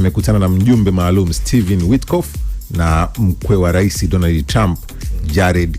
amekutana na mjumbe maalum stehen Witkoff na mkwe wa rais Donald Trump Jared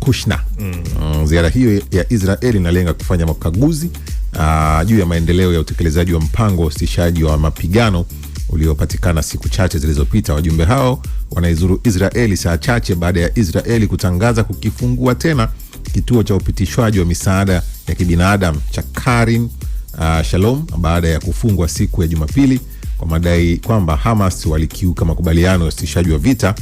Kushner. Mm. Ziara hiyo ya Israel inalenga kufanya makaguzi uh, juu ya maendeleo ya utekelezaji wa mpango wa usitishaji wa mapigano uliopatikana siku chache zilizopita. Wajumbe hao wanaizuru Israeli saa chache baada ya Israeli kutangaza kukifungua tena kituo cha upitishwaji wa misaada ya kibinadamu cha Karin uh, ah, Shalom baada ya kufungwa siku ya Jumapili kwa madai kwamba Hamas walikiuka makubaliano ya usitishaji wa vita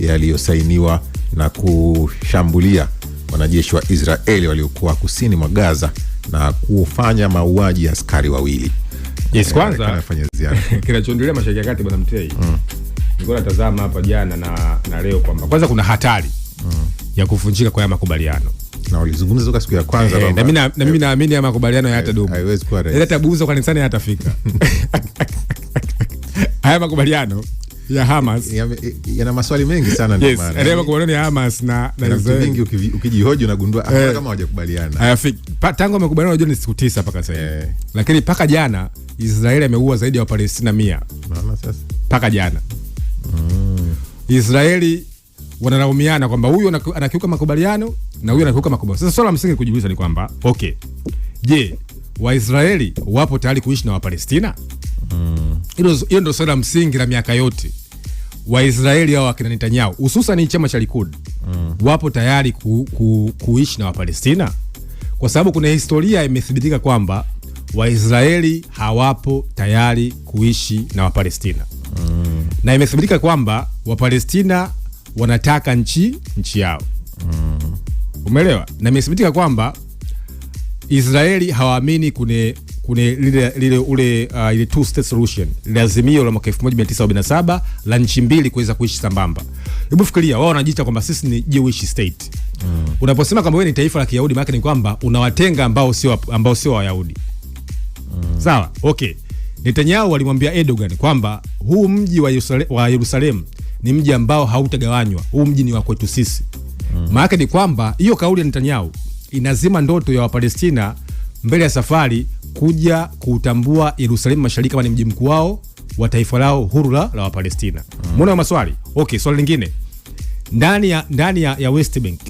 yaliyosainiwa na kushambulia wanajeshi wa Israeli waliokuwa kusini mwa Gaza na kufanya mauaji ya askari wawili. Yes, eh, kwanza kinachoendelea Mashariki ya Kati bwana Mtei, mm. nilikuwa natazama hapa jana na, na leo kwamba kwanza kuna hatari mm. ya kuvunjika kwa haya makubaliano na walizungumza toka siku ya kwanza hey, eh, na mimi naamini haya makubaliano eh, hayatadumu, haiwezi kuwa rais, hata buuza kanisani hatafika haya makubaliano ya Hamas yana ya, maswali mengi sana yes, ndio makubaliano ya Hamas na na Israel mengi ukijihoji unagundua ah, eh, kama hawajakubaliana hayafiki tangu wamekubaliana unajua ni siku tisa mpaka sasa eh, lakini paka jana Israeli ameua zaidi ya wa Wapalestina 100 naona sasa Paka jana mm. Israeli wanalaumiana kwamba huyu anakiuka makubaliano na huyu anakiuka makubaliano. Sasa swali la msingi kujiuliza ni kwamba okay, je, Waisraeli wapo tayari kuishi na Wapalestina? hiyo ndio swala msingi la miaka yote. Waisraeli hao wakina Netanyahu hususan chama cha Likud mm. wapo tayari ku, ku, kuishi na Wapalestina kwa sababu kuna historia imethibitika kwamba Waisraeli hawapo tayari kuishi na Wapalestina mm. na imethibitika kwamba Wapalestina wanataka nchi nchi yao mm. umeelewa, na imethibitika kwamba Israeli hawaamini kune kuna lile, lile ule uh, ile two state solution ile azimio la mwaka 1977 la nchi mbili kuweza kuishi sambamba. Hebu fikiria wao wanajiita kwamba sisi ni Jewish state. Mm. Unaposema kwamba wewe ni taifa la Kiyahudi, maana ni kwamba unawatenga ambao sio ambao sio Wayahudi. Mm. Sawa? Okay. Netanyahu alimwambia Erdogan kwamba huu mji wa Yerusalemu ni mji ambao hautagawanywa, huu mji ni wa kwetu sisi. Mm. Maana ni kwamba hiyo kauli ya Netanyahu inazima ndoto ya Wapalestina mbele ya safari kuja kutambua Yerusalemu Mashariki kama ni mji mkuu wao wa taifa lao huru la la Wapalestina. Mbona hmm. mm. maswali? Okay, swali lingine ndani ya, ndani ya, ya West Bank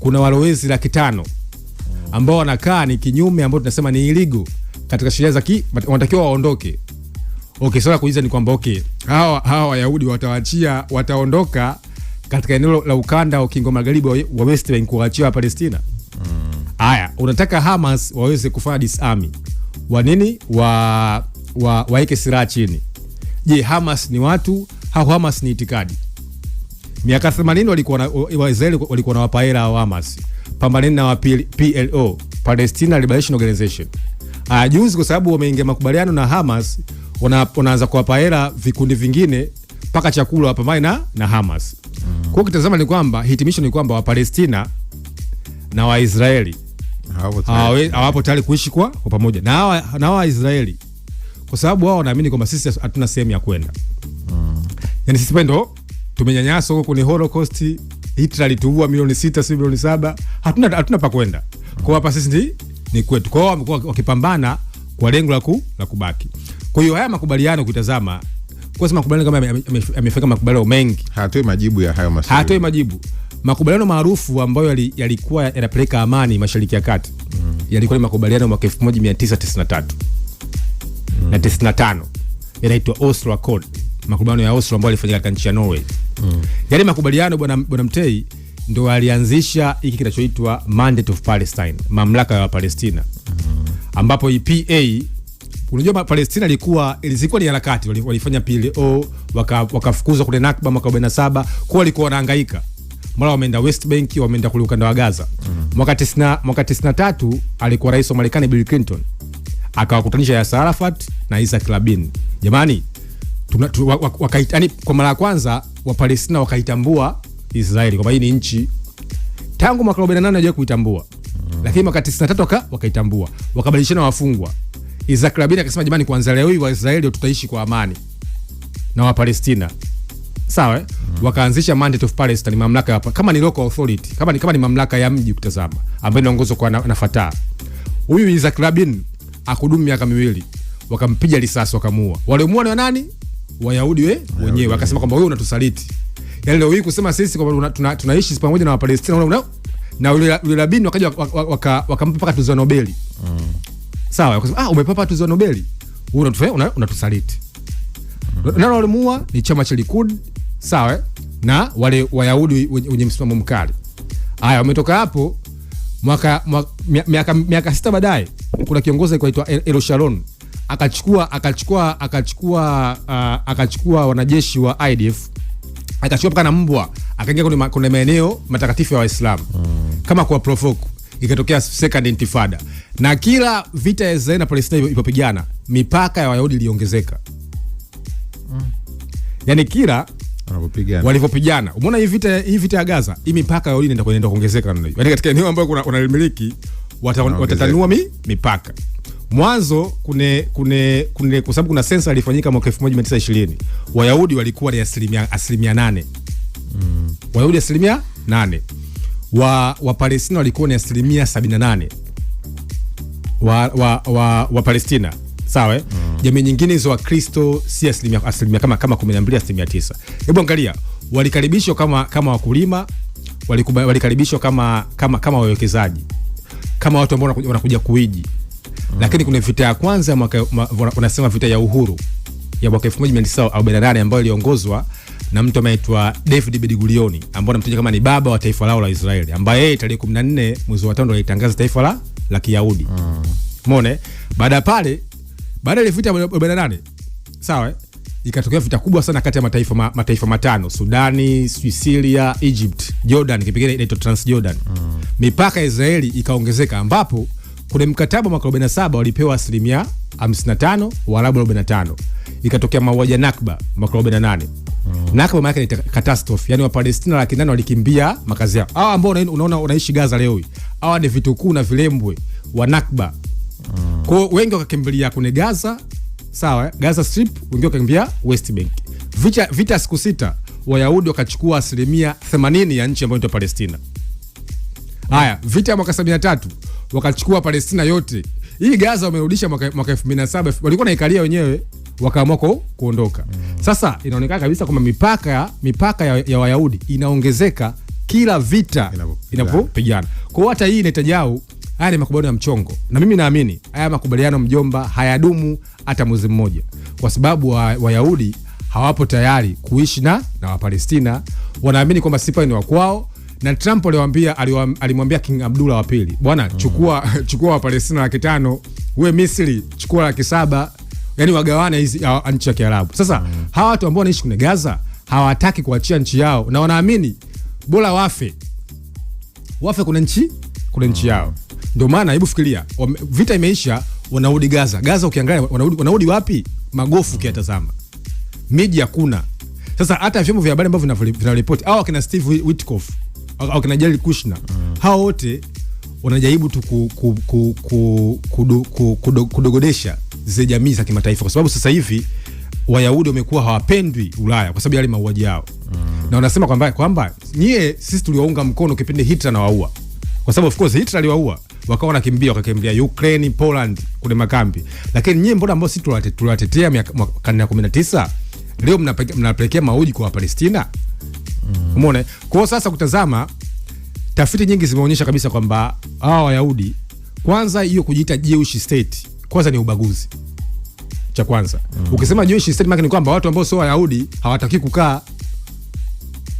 kuna walowezi laki tano hmm. ambao wanakaa ni kinyume ambao tunasema ni iligo katika sheria za ki wanatakiwa waondoke. Okay, swala kuuliza ni kwamba okay, hawa hawa Wayahudi watawaachia wataondoka katika eneo la ukanda wa ukingo magharibi wa West Bank kuachia Palestina? Haya, unataka Hamas waweze kufanya disarm wa nini, wa waweke wa silaha chini. Je, Hamas ni watu au Hamas ni itikadi? Miaka 80 walikuwa Waisraeli walikuwa nawapa hela wa Hamas, pambaneni na wa PLO, Palestina Liberation Organization. Aya, juzi kwa sababu wameingia makubaliano na Hamas, wanaanza kuwapa hela vikundi vingine mpaka chakula wapambane na, na Hamas. mm. Kwa hiyo kitazama ni kwamba hitimisho ni kwamba Wapalestina na Waisraeli hawapo tayari kuishi kwa pamoja na hawa Israeli, kwa sababu wao wanaamini kwamba sisi hatuna sehemu ya kwenda mm. Yani sisi pendo tumenyanyaswa huko, kwenye Holocaust Hitler alituua milioni sita si milioni saba hatuna, hatuna pa kwenda kwa hapa sisi ni, ni kwetu. Kwa hiyo wamekuwa wakipambana kwa lengo la ku, la kubaki. Kwa hiyo haya makubaliano ukitazama kwa sababu makubaliano kama yamefika makubaliano mengi hatoi majibu ya hayo maswali, hatoi majibu makubaliano maarufu ambayo yalikuwa yanapeleka amani Mashariki ya Kati mm. yalikuwa ni makubaliano mwaka 1993 mm. na 95 yanaitwa Oslo Accord, makubaliano ya Oslo ambayo yalifanyika katika nchi ya Norway mm. yale makubaliano bwana bwana Mtei ndo alianzisha hiki kinachoitwa Mandate of Palestine, mamlaka ya Wapalestina mm. ambapo EPA Unajua, Palestina ilikuwa ilizikuwa ni harakati, walifanya PLO, wakafukuzwa waka kule Nakba mwaka 47, kwa walikuwa wanahangaika mara wameenda West Bank, wameenda kule ukanda wa Gaza. Mm. Mwaka tisina, mwaka tisini tatu alikuwa rais wa Marekani Bill Clinton akawakutanisha Yasser Arafat na Isaac Rabin. Jamani, tuna, yani, kwa mara ya kwanza Wapalestina wakaitambua Israeli kwamba hii ni nchi. Tangu mwaka 48 hawajawahi kuitambua. Mm. Lakini mwaka 93 waka, wakaitambua. Wakabadilishana wafungwa. Isaac Rabin akasema, jamani, kuanzia leo hii Waisraeli tutaishi kwa amani na Wapalestina sawa eh? mm. Wakaanzisha mandate of Palestine, mamlaka hapa kama ni local authority, kama ni, kama ni mamlaka ya mji kutazama, ambayo inaongozwa kwa nafata na Huyu Isaac Rabin akudumu miaka miwili, wakampiga risasi wakamuua. Waliomuua ni nani? Wayahudi eh? we wenyewe, wakasema kwamba wewe unatusaliti. Yani leo hii kusema sisi kwamba tunaishi tuna, tuna pamoja na Wapalestina una, na yule Rabin wakaja wakampa waka, waka waka tuzo ya Nobeli mm. Sawa, wakasema ah, umepapa tuzo ya Nobeli, wewe unatusaliti una, una, una, una, una, una, una, una, sawa, eh? na wale Wayahudi wenye msimamo mkali. Haya, wametoka hapo mwaka, miaka, miaka sita baadaye kuna kiongozi alikuwa anaitwa akachukua akachukua akachukua uh, akachukua wanajeshi wa IDF akachukua paka na mbwa akaingia kwenye kuna maeneo matakatifu ya Waislamu mm. kama kwa provoke, ikatokea second intifada, na kila vita ya israeli na Palestina ilipopigana mipaka ya Wayahudi iliongezeka mm. yani kila walivyopigana walivyopigana. Umeona hii vita, hii vita ya Gaza, hii mipaka ya ulinzi inaenda kuongezeka namna hiyo, yaani katika eneo ambayo kuna watatanua mi, mipaka mwanzo kune, kune, kune, kwa sababu kuna sensa ilifanyika mwaka 1920 Wayahudi walikuwa ni asilimia, asilimia nane mm. Wayahudi asilimia nane wa Wapalestina walikuwa ni asilimia 78 wa, wa, wa, wa Palestina sawa eh? mm. jamii nyingine hizo Wakristo si asilimia, asilimia kama kama 12 asilimia tisa Hebu angalia, walikaribishwa kama kama wakulima, walikaribishwa kama kama kama wawekezaji, kama watu ambao wanakuja kuiji mm. Lakini kuna vita ya kwanza mwaka, wanasema vita ya uhuru ya mwaka 1948 ambayo iliongozwa na mtu anaitwa David Bedigulioni ambao anamtaja kama ni baba wa taifa lao la Israeli, ambaye yeye tarehe 14 mwezi wa 5 alitangaza taifa la la Kiyahudi. mm. Mm. Baada pale baada ya vita ya arobaini na nane sawa, eh? ikatokea vita kubwa sana kati ya mataifa, ma, mataifa matano Sudani, Syria, Egypt, Jordan, kipengele inaitwa Transjordan mm. Mipaka ya Israeli ikaongezeka ambapo kuna mkataba mwaka 47 walipewa asilimia 55 Waarabu 45. Ikatokea mauaji ya Nakba mwaka 48. Mm. Nakba maana ni catastrophe. Yaani Wapalestina laki nane walikimbia makazi yao. Hawa ambao unaona unaishi Gaza leo hii. Hawa ni vitukuu na vilembwe wa Nakba kwao wengi wakakimbilia kune Gaza, sawa, Gaza Strip, wengi wakakimbia West Bank. Vita, vita siku sita Wayahudi wakachukua asilimia 80 ya nchi ambayo inaitwa Palestina. Haya, vita ya mwaka 73 wakachukua Palestina yote. Hii Gaza wamerudisha mwaka 2007, walikuwa naikalia wenyewe wakaamua kuondoka. Sasa inaonekana kabisa kwamba mipaka, mipaka ya, ya Wayahudi inaongezeka kila vita inapopigana. Kwa hata hii Netanyahu haya ni makubaliano ya mchongo, na mimi naamini haya makubaliano mjomba, hayadumu hata mwezi mmoja, kwa sababu Wayahudi wa hawapo tayari kuishi na na Wapalestina. Wanaamini kwamba sipa ni wakwao, na Trump aliwaambia, alimwambia King Abdullah wa pili, bwana mm. chukua chukua Wapalestina laki tano, we Misri chukua laki saba, yani wagawane hizi nchi ya Kiarabu. Sasa mm. hawa watu ambao wanaishi kwenye Gaza hawataki kuachia nchi yao, na wanaamini bora wafe wafe kuna nchi kuna nchi mm. yao ndio maana hebu fikiria, vita imeisha, wanarudi Gaza. Gaza ukiangalia wanarudi, wanarudi wapi? Magofu ukiyatazama, miji hakuna. Sasa hata vyombo vya habari ambavyo vinaripoti au akina Steve witkof au akina Jared Kushner, mm. hawa wote wanajaribu tu kudogodesha zile jamii za kimataifa, kwa sababu sasa hivi Wayahudi wamekuwa hawapendwi Ulaya kwa sababu yale mauaji yao mm. na wanasema kwamba kwamba nyie sisi tuliwaunga mkono kipindi Hitler anawaua, kwa sababu of course Hitler aliwaua wakawa wanakimbia wakakimbia Ukraine, Poland kule makambi. Lakini nyie mbona ambao si tuliwatetea karne ya tisa leo mnapelekea mauji kwa Wapalestina? Mm. Umeona? Kwa hiyo sasa kutazama tafiti nyingi zimeonyesha kabisa kwamba hawa Wayahudi kwanza, hiyo kujiita Jewish state kwanza ni ubaguzi cha kwanza. Mm. Ukisema Jewish state maana ni kwamba watu ambao sio Wayahudi hawataki kukaa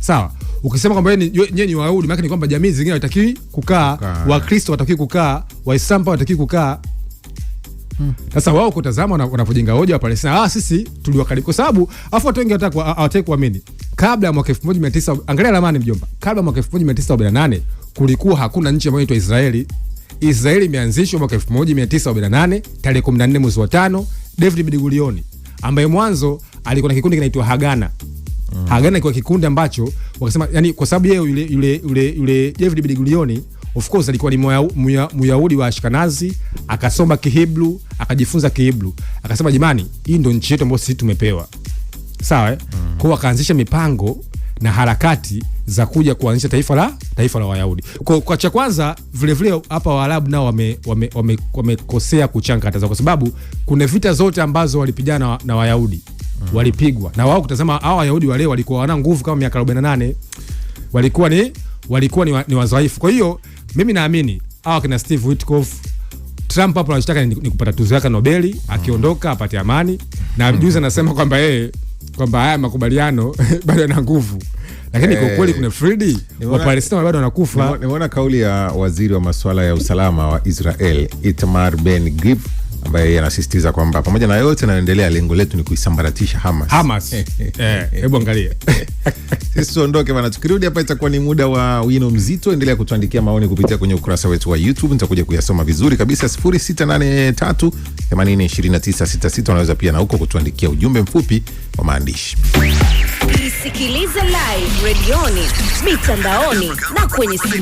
sawa Ukisema kwamba yeye ni Wayahudi, maana ni kwamba jamii zingine hawatakiwi kukaa, Wakristo hawatakiwi kukaa, Waislamu hawatakiwi kukaa. Hmm. Sasa wao kutazama wanapojenga hoja wa Palestina, ah, sisi tuliwakaribisha kwa sababu, afu watu wengi hawataki kuamini. Kabla ya mwaka 1900 angalia ramani mjomba, kabla ya mwaka 1948 kulikuwa hakuna nchi ambayo inaitwa Israeli. Israeli imeanzishwa mwaka 1948 tarehe 14 mwezi wa 5, David Ben Gurion ambaye mwanzo alikuwa na kikundi kinaitwa Hagana. Hmm. Hagana ilikuwa kikundi ambacho wakasema yani, kwa sababu yeye yule yule yule yule David ben of course alikuwa ni Myahudi wa Ashkenazi, akasoma Kihebru akajifunza Kihebru, akasema jamani, hii ndio nchi yetu ambayo sisi tumepewa, sawa eh? mm. Kwa akaanzisha mipango na harakati za kuja kuanzisha taifa la taifa la Wayahudi. Kwa, kwa cha kwanza vile vile hapa Waarabu nao wamekosea wame, wame, wame kuchangataza kwa sababu kuna vita zote ambazo walipigana na Wayahudi mm. walipigwa na wao. Kutazama hawa Wayahudi wale walikuwa wana nguvu kama miaka 48 walikuwa ni walikuwa ni, wa, ni wazaifu. Kwa hiyo mimi naamini hawa kina Steve Witkoff Trump hapo anachotaka ni, ni kupata tuzo yake Nobeli, akiondoka apate amani. Na juzi anasema kwamba yeye kwamba haya makubaliano bado yana nguvu, lakini kwa kweli eh, kuna Fridi wa Palestina bado wanakufa. Nimeona kauli ya waziri wa masuala ya usalama wa Israel Itamar Ben Gvir ambaye anasisitiza kwamba pamoja na yote anayoendelea lengo letu ni kuisambaratisha Hamas. Hamas. Eh, eh, eh, eh hebu angalia. Sisi tuondoke bana, tukirudi hapa itakuwa ni muda wa wino mzito. Endelea kutuandikia maoni kupitia kwenye ukurasa wetu wa YouTube, nitakuja kuyasoma vizuri kabisa. 0683 80 66. Unaweza pia na huko kutuandikia ujumbe mfupi wa maandishi. Isikilize live redioni, mitandaoni na kwenye simu